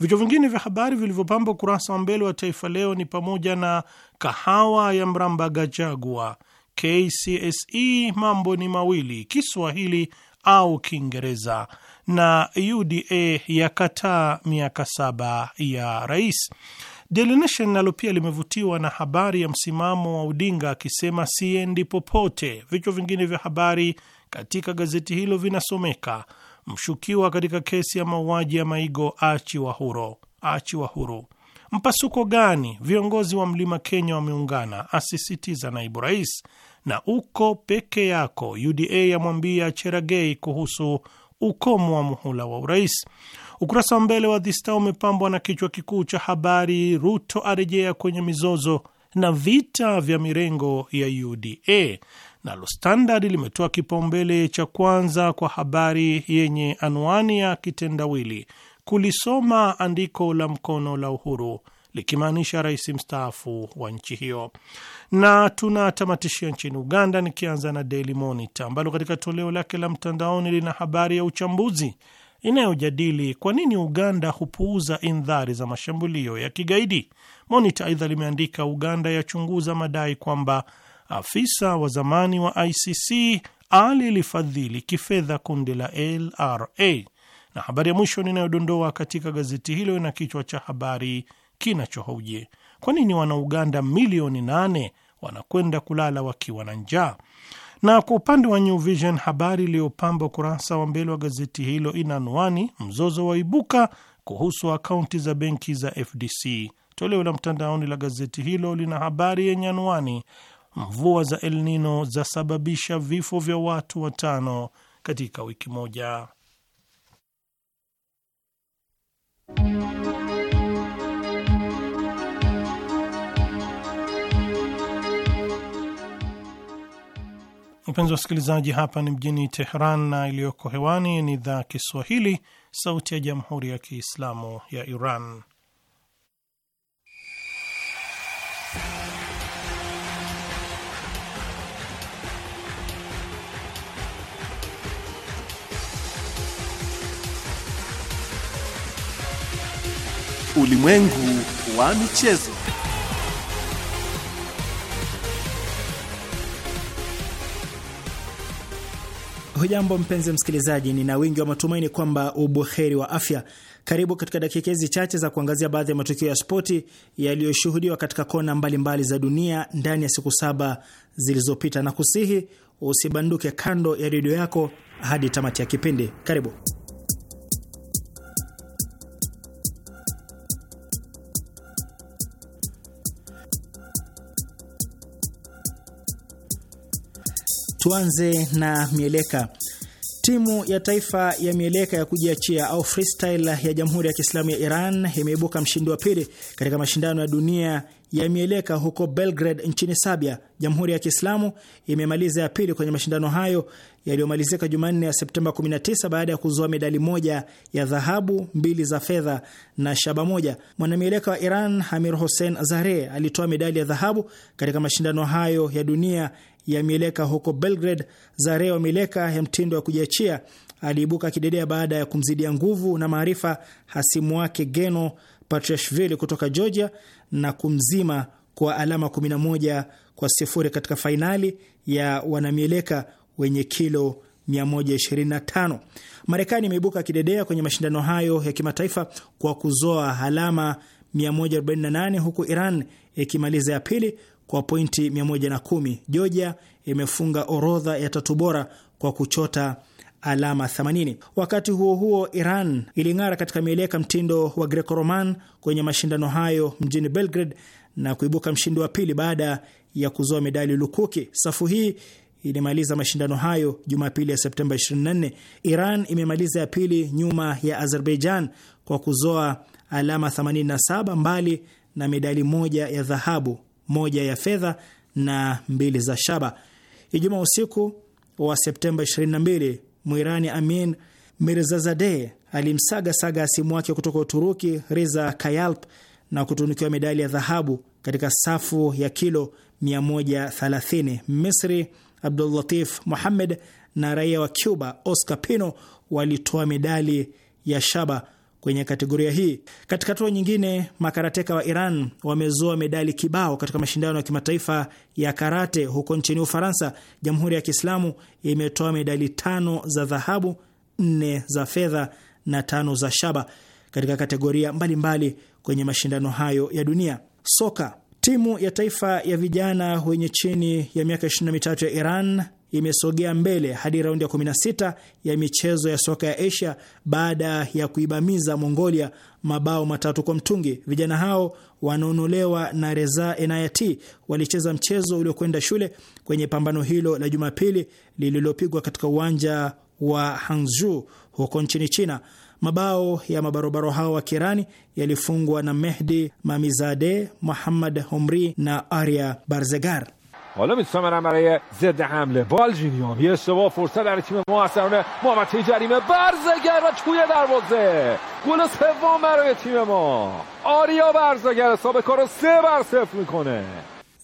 Vichwa vingine vya habari vilivyopamba ukurasa wa mbele wa Taifa Leo ni pamoja na kahawa ya mramba Gajagua, KCSE mambo ni mawili, Kiswahili au Kiingereza, na UDA yakataa miaka saba ya rais. Daily Nation nalo pia limevutiwa na habari ya msimamo wa Odinga akisema siendi popote. Vichwa vingine vya habari katika gazeti hilo vinasomeka: mshukiwa katika kesi ya mauaji ya Maigo achiwa huru, achiwa huru. Mpasuko gani? Viongozi wa mlima Kenya wameungana, asisitiza naibu rais. Na uko peke yako, UDA yamwambia Cheragei kuhusu ukomo wa muhula wa urais. Ukurasa wa mbele wa The Star umepambwa na kichwa kikuu cha habari, Ruto arejea kwenye mizozo na vita vya mirengo ya UDA. Nalo Standard limetoa kipaumbele cha kwanza kwa habari yenye anwani ya kitendawili, kulisoma andiko la mkono la Uhuru likimaanisha rais mstaafu wa nchi hiyo. Na tunatamatishia nchini Uganda, nikianza na Daily Monitor ambalo katika toleo lake la mtandaoni lina habari ya uchambuzi inayojadili kwa nini Uganda hupuuza indhari za mashambulio ya kigaidi. Monita aidha limeandika Uganda yachunguza madai kwamba afisa wa zamani wa ICC alilifadhili kifedha kundi la LRA, na habari ya mwisho ninayodondoa katika gazeti hilo ina kichwa cha habari kinachohoji kwa nini Wanauganda milioni nane wanakwenda kulala wakiwa na njaa. Na kwa upande wa New Vision, habari iliyopamba ukurasa wa mbele wa gazeti hilo ina anwani mzozo wa ibuka kuhusu akaunti za benki za FDC. Toleo la mtandaoni la gazeti hilo lina habari yenye anwani mvua za El Nino zasababisha vifo vya watu watano katika wiki moja. wa wasikilizaji, hapa ni mjini Teheran na iliyoko hewani ni idhaa Kiswahili sauti ya jamhuri ya Kiislamu ya Iran. Ulimwengu wa michezo. Hujambo mpenzi msikilizaji, nina wingi wa matumaini kwamba ubuheri wa afya. Karibu katika dakika hizi chache za kuangazia baadhi ya matukio ya spoti yaliyoshuhudiwa katika kona mbalimbali mbali za dunia ndani ya siku saba zilizopita, na kusihi usibanduke kando ya redio yako hadi tamati ya kipindi. Karibu. Tuanze na mieleka. Timu ya taifa ya mieleka ya kujiachia au freestyle ya Jamhuri ya Kiislamu ya Iran imeibuka mshindi wa pili katika mashindano ya dunia ya mieleka huko Belgrade nchini Serbia. Jamhuri ya Kiislamu imemaliza ya pili kwenye mashindano hayo yaliyomalizika Jumanne ya Septemba 19 baada ya kuzoa medali moja ya dhahabu, mbili za fedha na shaba moja. Mwanamieleka wa Iran Amir Hossein Zahre alitoa medali ya dhahabu katika mashindano hayo ya dunia ya mieleka huko Belgrade, Zareo mieleka ya mtindo wa kujiachia aliibuka kidedea baada ya kumzidia nguvu na maarifa hasimu wake Geno Patrashvili kutoka Georgia na kumzima kwa alama 11 kwa sifuri katika fainali ya wanamieleka wenye kilo 125. Marekani imeibuka kidedea kwenye mashindano hayo ya kimataifa kwa kuzoa alama 148 huku Iran ikimaliza ya pili kwa pointi 110. Georgia imefunga orodha ya tatu bora kwa kuchota alama 80. Wakati huo huo, Iran iling'ara katika mieleka mtindo wa Greco Roman kwenye mashindano hayo mjini Belgrade na kuibuka mshindi wa pili baada ya kuzoa medali lukuki. Safu hii ilimaliza mashindano hayo Jumapili ya Septemba 24. Iran imemaliza ya pili nyuma ya Azerbaijan kwa kuzoa alama 87 mbali na medali moja ya dhahabu moja ya fedha na mbili za shaba. Ijumaa usiku wa Septemba 22 Mwirani Amin mirzazade alimsaga saga asimu wake kutoka Uturuki riza Kayalp na kutunukiwa medali ya dhahabu katika safu ya kilo 130. Misri Abdullatif Muhammed na raia wa Cuba Oscar Pino walitoa medali ya shaba kwenye kategoria hii. Katika hatua nyingine, makarateka wa Iran wamezoa medali kibao katika mashindano ya kimataifa ya karate huko nchini Ufaransa. Jamhuri ya Kiislamu imetoa medali tano za dhahabu, nne za fedha na tano za shaba katika kategoria mbalimbali mbali kwenye mashindano hayo ya dunia. Soka, timu ya taifa ya vijana wenye chini ya miaka 23 ya Iran imesogea mbele hadi raundi ya 16 ya michezo ya soka ya Asia baada ya kuibamiza Mongolia mabao matatu kwa mtungi. Vijana hao wanaonolewa na Reza Enayati walicheza mchezo uliokwenda shule kwenye pambano hilo la Jumapili lililopigwa katika uwanja wa Hangzhou huko nchini China. Mabao ya mabarobaro hao wa Kirani yalifungwa na Mehdi Mamizade, Muhammad Homri na Arya Barzegar. حالا میتونم برم برای ضد حمله بالجینیان یه اشتباه فرصت در تیم ما اثرانه محمد جریمه برزگر و توی دروازه گل سوم برای تیم ما آریا برزگر حساب کارو سه بر صفر میکنه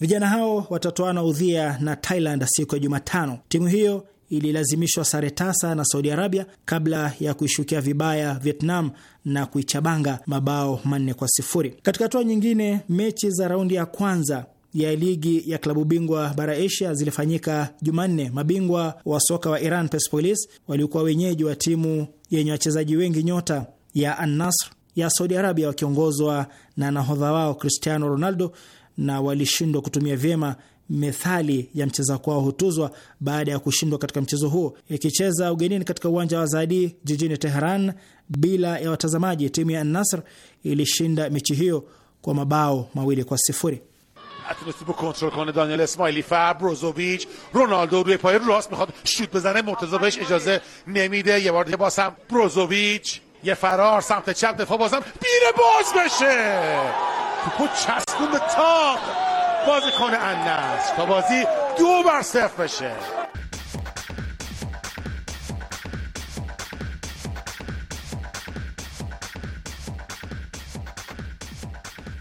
vijana hao watatoana udhia na Thailand siku ya Jumatano. Timu hiyo ililazimishwa sare tasa na Saudi Arabia kabla ya kuishukia vibaya Vietnam na kuichabanga mabao manne kwa sifuri. Katika hatua nyingine, mechi za raundi ya kwanza ya ligi ya klabu bingwa bara Asia zilifanyika Jumanne. Mabingwa wa soka wa Iran Persepolis waliokuwa wenyeji wa timu yenye wachezaji wengi nyota ya Annasr ya Saudi Arabia wakiongozwa na nahodha wao Cristiano Ronaldo, na walishindwa kutumia vyema methali ya mcheza kwao hutuzwa baada ya kushindwa katika mchezo huo. Ikicheza ugenini katika uwanja wa zadi jijini Teheran bila ya watazamaji, timu ya Nasr ilishinda mechi hiyo kwa mabao mawili kwa sifuri. نتونستی با کنترل کنه دانیل اسمایلی فر بروزوویچ رونالدو روی پای راست میخواد شوت بزنه مرتضی بهش اجازه نمیده یه بار دیگه باسم بروزوویچ یه فرار سمت چپ دفاع بازم بیره باز بشه توپو چسبون به تاق بازی کنه انس تا بازی دو بر صفر بشه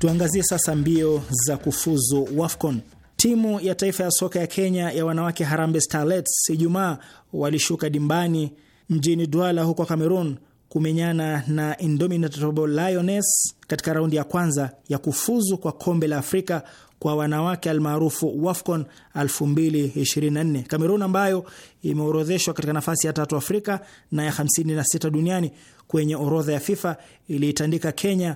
Tuangazie sasa mbio za kufuzu WAFCON. Timu ya taifa ya soka ya Kenya ya wanawake Harambee Starlets Ijumaa walishuka dimbani mjini dwala huko Cameroon kumenyana na Indomitable Lioness katika raundi ya kwanza ya kufuzu kwa kombe la Afrika kwa wanawake almaarufu WAFCON 2024. cameroon ambayo imeorodheshwa katika nafasi ya tatu Afrika na ya 56 duniani kwenye orodha ya FIFA iliitandika Kenya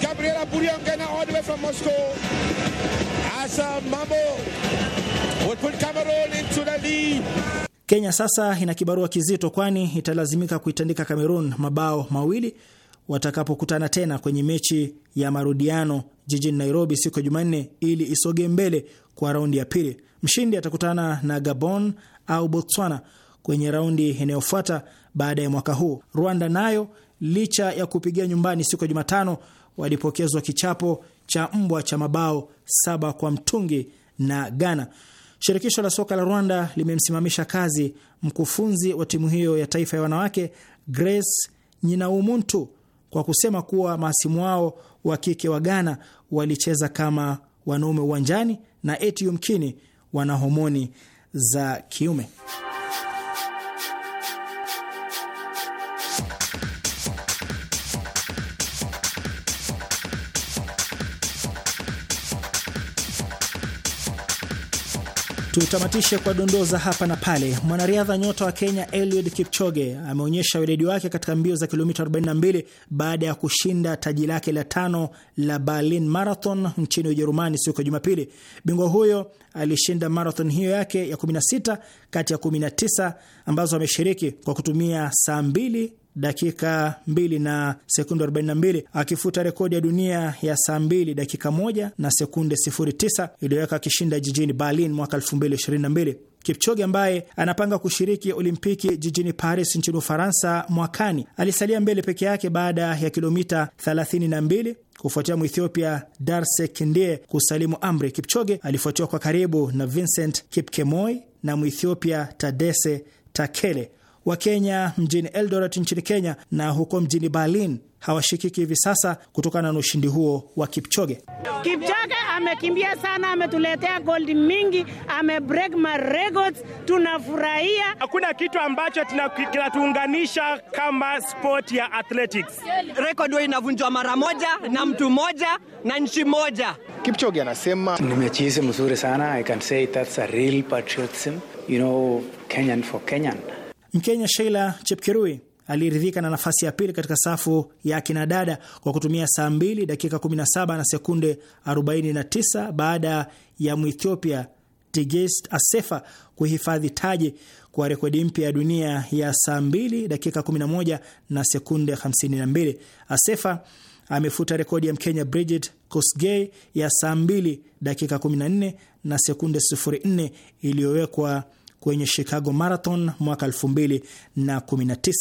Gabriel Aburian all the way from Moscow. Asa Mambo will put Cameroon into the lead. Kenya sasa ina kibarua kizito, kwani italazimika kuitandika Cameroon mabao mawili watakapokutana tena kwenye mechi ya marudiano jijini Nairobi siku ya Jumanne ili isoge mbele kwa raundi ya pili. Mshindi atakutana na Gabon au Botswana kwenye raundi inayofuata baada ya mwaka huu. Rwanda nayo licha ya kupigia nyumbani siku ya Jumatano walipokezwa kichapo cha mbwa cha mabao saba kwa mtungi na Ghana. Shirikisho la soka la Rwanda limemsimamisha kazi mkufunzi wa timu hiyo ya taifa ya wanawake Grace Nyinaumuntu kwa kusema kuwa mahasimu wao wa kike wa Ghana walicheza kama wanaume uwanjani na eti yumkini wana homoni za kiume. Tutamatishe kwa dondoza hapa na pale. Mwanariadha nyota wa Kenya Eliud Kipchoge ameonyesha weledi wake katika mbio za kilomita 42 baada ya kushinda taji lake la tano la Berlin Marathon nchini Ujerumani siku ya Jumapili. Bingwa huyo alishinda marathon hiyo yake ya 16 kati ya 19 ambazo ameshiriki kwa kutumia saa 2 dakika 2 na sekunde 42 akifuta rekodi ya dunia ya saa 2 dakika 1 na sekunde 09 iliyoweka akishinda jijini Berlin mwaka 2022. Kipchoge ambaye anapanga kushiriki Olimpiki jijini Paris nchini Ufaransa mwakani alisalia mbele peke yake baada ya kilomita 32 kufuatia Mwethiopia Darse Kindie kusalimu amri. Kipchoge alifuatiwa kwa karibu na Vincent Kipkemoi na muethiopia Tadese Takele wa kenya mjini Eldoret nchini Kenya na huko mjini Berlin hawashikiki hivi sasa kutokana na ushindi huo wa Kipchoge. Kipchoge amekimbia sana, ametuletea gold mingi, amebreak my records, tunafurahia. Hakuna kitu ambacho kinatuunganisha kama sport ya athletics. Rekodi huo inavunjwa mara moja na mtu moja na nchi moja. Kipchoge anasema ni mechi mzuri sana, I can say that's a real patriotism, you know, Kenyan for Kenyan Mkenya Sheila Chepkirui aliridhika na nafasi ya pili katika safu ya akina dada kwa kutumia saa 2 dakika 17 na sekunde 49 baada ya Mwethiopia Tigist Asefa kuhifadhi taji kwa rekodi mpya ya dunia ya saa 2 dakika 11 na sekunde 52. Asefa amefuta rekodi ya Mkenya Bridget Kosgei ya saa 2 dakika 14 na sekunde 04 iliyowekwa kwenye Chicago Marathon mwaka 2019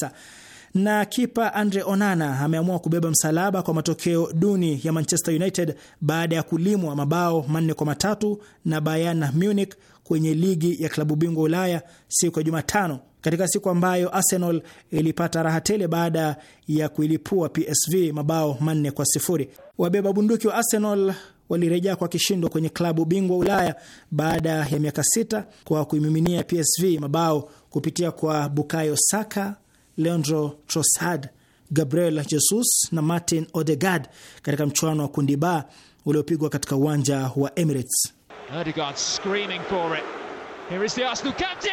na kipa Andre Onana ameamua kubeba msalaba kwa matokeo duni ya Manchester United baada ya kulimwa mabao manne kwa matatu na Bayern Munich kwenye ligi ya klabu bingwa Ulaya siku ya Jumatano, katika siku ambayo Arsenal ilipata raha tele baada ya kuilipua PSV mabao manne kwa sifuri. Wabeba bunduki wa Arsenal walirejea kwa kishindo kwenye klabu bingwa Ulaya baada ya miaka sita kwa kuimiminia PSV mabao kupitia kwa Bukayo Saka, Leandro Trossard, Gabriel Jesus na Martin Odegaard katika mchuano wa kundi ba uliopigwa katika uwanja wa Emirates. Odegaard screaming for it. Here is the Arsenal captain!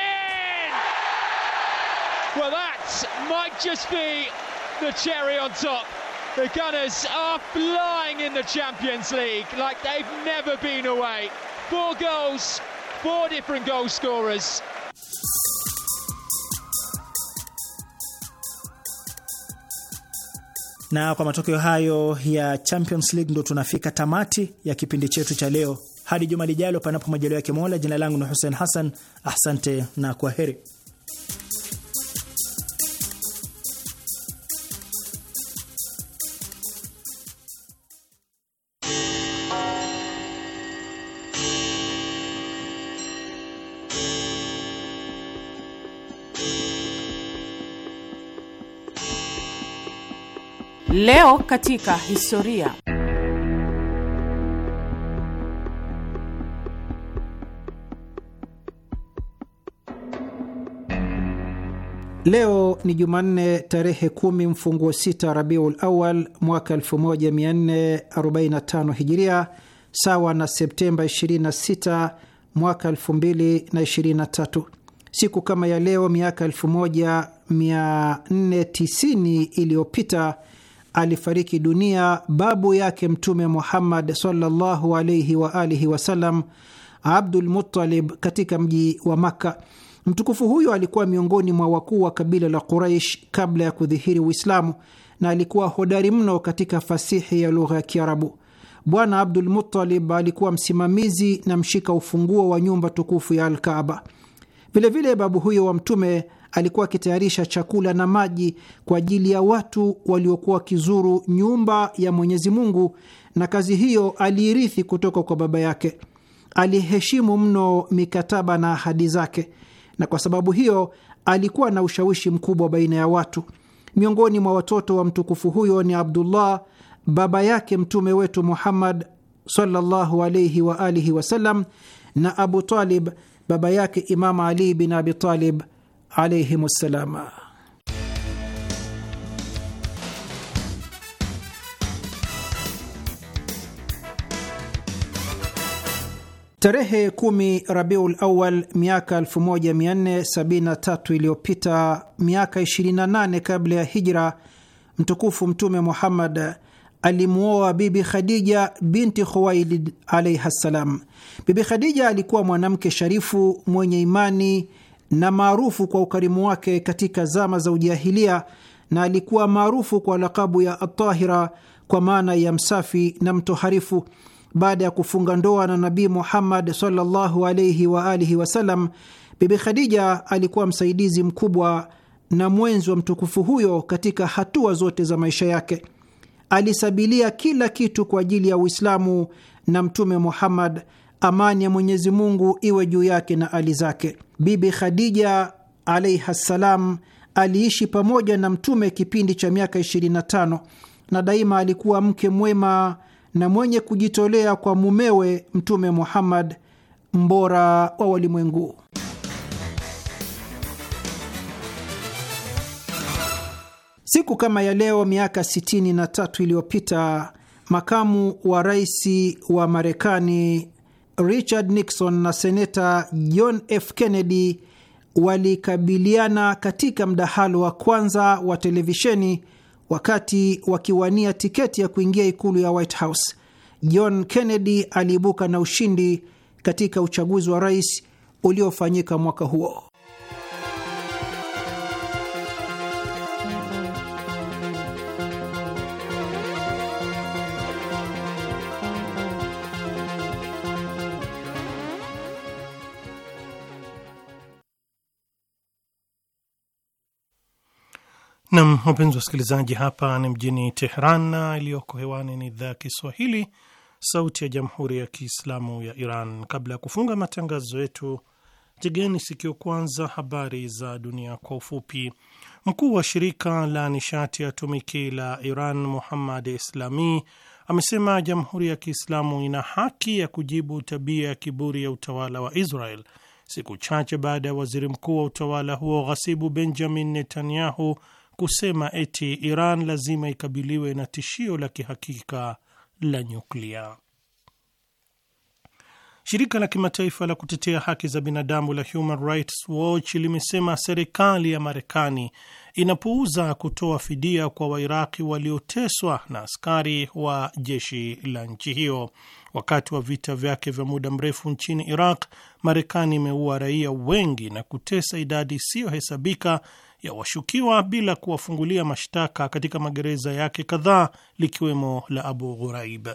Well, that might just be the cherry on top. The Gunners are flying in the Champions League like they've never been away. Four goals, four different goal scorers. Na kwa matokeo hayo ya Champions League ndo tunafika tamati ya kipindi chetu cha leo. Hadi juma lijalo, panapo majaliwa ya Mola. Jina langu ni Hussein Hassan, asante na kwaheri. Leo katika historia. Leo ni Jumanne tarehe kumi mfunguo sita Rabiul Awal mwaka 1445 Hijiria, sawa na Septemba 26 mwaka 2023. Siku kama ya leo miaka 1490 iliyopita alifariki dunia babu yake Mtume Muhammad sallallahu alaihi wa alihi wasallam, Abdul Muttalib, katika mji wa Makka. Mtukufu huyo alikuwa miongoni mwa wakuu wa kabila la Quraish kabla ya kudhihiri Uislamu na alikuwa hodari mno katika fasihi ya lugha ya Kiarabu. Bwana Abdul Muttalib alikuwa msimamizi na mshika ufunguo wa nyumba tukufu ya Alkaaba. Vilevile babu huyo wa Mtume alikuwa akitayarisha chakula na maji kwa ajili ya watu waliokuwa wakizuru nyumba ya Mwenyezi Mungu, na kazi hiyo aliirithi kutoka kwa baba yake. Aliheshimu mno mikataba na ahadi zake, na kwa sababu hiyo alikuwa na ushawishi mkubwa baina ya watu. Miongoni mwa watoto wa mtukufu huyo ni Abdullah, baba yake mtume wetu Muhammad sallallahu alayhi wa alihi wasallam, na Abu Talib, baba yake Imamu Ali bin Abi Talib alaihimussalama. Tarehe kumi Rabiul Awal miaka 1473 iliyopita, miaka 28 kabla ya hijra, mtukufu Mtume Muhammad alimwoa Bibi Khadija binti Khuwailid alaihi ssalam. Bibi Khadija alikuwa mwanamke sharifu mwenye imani na maarufu kwa ukarimu wake katika zama za ujahilia, na alikuwa maarufu kwa lakabu ya Atahira kwa maana ya msafi na mtoharifu. Baada ya kufunga ndoa na Nabii Muhammad sallallahu alaihi wa alihi wasallam, Bibi Khadija alikuwa msaidizi mkubwa na mwenzi wa mtukufu huyo katika hatua zote za maisha yake. Alisabilia kila kitu kwa ajili ya Uislamu na Mtume Muhammad, amani ya Mwenyezi Mungu iwe juu yake na ali zake. Bibi Khadija alaihi ssalam aliishi pamoja na Mtume kipindi cha miaka 25 na daima alikuwa mke mwema na mwenye kujitolea kwa mumewe Mtume Muhammad, mbora wa walimwengu. Siku kama ya leo miaka 63 iliyopita makamu wa rais wa Marekani Richard Nixon na seneta John F. Kennedy walikabiliana katika mdahalo wa kwanza wa televisheni wakati wakiwania tiketi ya kuingia ikulu ya White House. John Kennedy aliibuka na ushindi katika uchaguzi wa rais uliofanyika mwaka huo. Nam, wapenzi wasikilizaji, hapa ni mjini Tehran na iliyoko hewani ni idhaa ya Kiswahili, Sauti ya Jamhuri ya Kiislamu ya Iran. Kabla ya kufunga matangazo yetu, tegeni sikio kwanza habari za dunia kwa ufupi. Mkuu wa shirika la nishati ya atomiki la Iran Muhammad Islami amesema Jamhuri ya Kiislamu ina haki ya kujibu tabia ya kiburi ya utawala wa Israel siku chache baada ya waziri mkuu wa utawala huo ghasibu Benjamin Netanyahu kusema eti Iran lazima ikabiliwe na tishio la kihakika la nyuklia. Shirika la kimataifa la kutetea haki za binadamu la Human Rights Watch limesema serikali ya Marekani inapuuza kutoa fidia kwa Wairaqi walioteswa na askari wa jeshi la nchi hiyo wakati wa vita vyake vya muda mrefu nchini Iraq. Marekani imeua raia wengi na kutesa idadi isiyohesabika ya washukiwa bila kuwafungulia mashtaka katika magereza yake kadhaa likiwemo la Abu Ghuraib.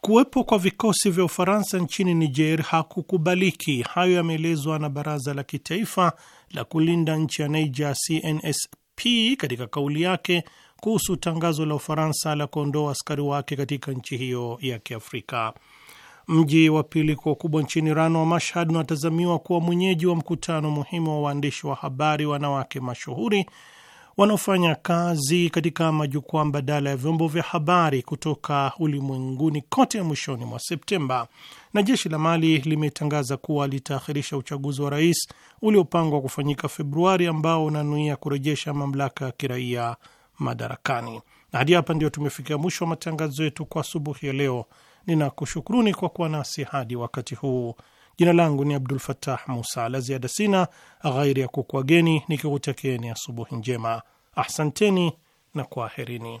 Kuwepo kwa vikosi vya Ufaransa nchini Niger hakukubaliki. Hayo yameelezwa na Baraza la Kitaifa la Kulinda Nchi ya Niger, CNSP, katika kauli yake kuhusu tangazo la Ufaransa la kuondoa askari wake katika nchi hiyo ya Kiafrika. Mji wa pili kwa ukubwa nchini Iran wa Mashhad unatazamiwa kuwa mwenyeji wa mkutano muhimu wa waandishi wa habari wanawake mashuhuri wanaofanya kazi katika majukwaa mbadala ya vyombo vya habari kutoka ulimwenguni kote mwishoni mwa Septemba. Na jeshi la Mali limetangaza kuwa litaakhirisha uchaguzi wa rais uliopangwa kufanyika Februari, ambao unanuia kurejesha mamlaka ya kiraia madarakani. Na hadi hapa ndio tumefikia mwisho wa matangazo yetu kwa asubuhi ya leo ninakushukuruni kwa kuwa nasi hadi wakati huu. Jina langu ni Abdul Fattah Musa. La ziada sina ghairi ya kukwageni nikikutekeeni asubuhi njema. Ahsanteni na kwaherini.